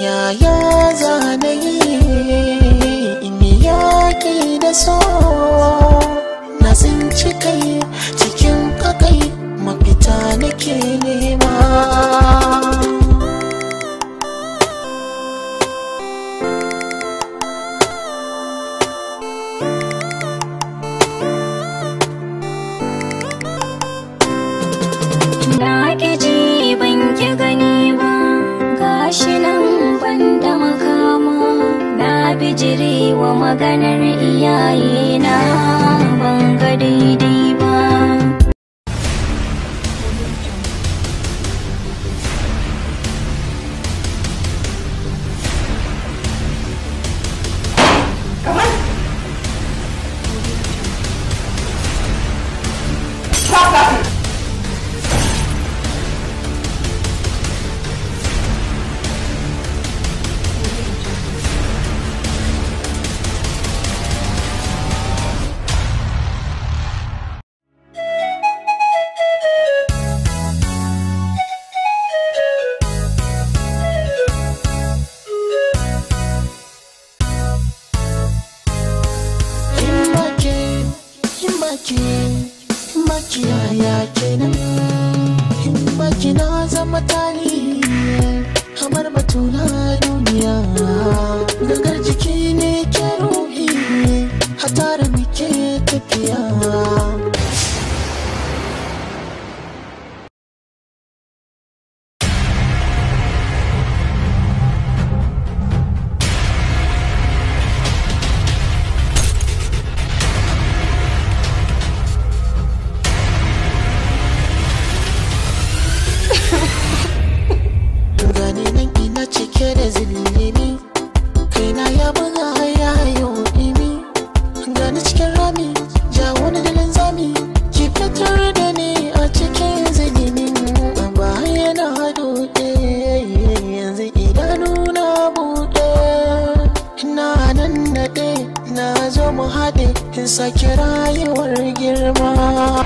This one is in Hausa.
yaya yi in yaki da so na tsinci kai maganar iyaye na ban ga daidai ba himmaki himmaki ya kenan himmaki na zama tarihi kamar matuna duniya zo mu haɗe in sake rayuwar girma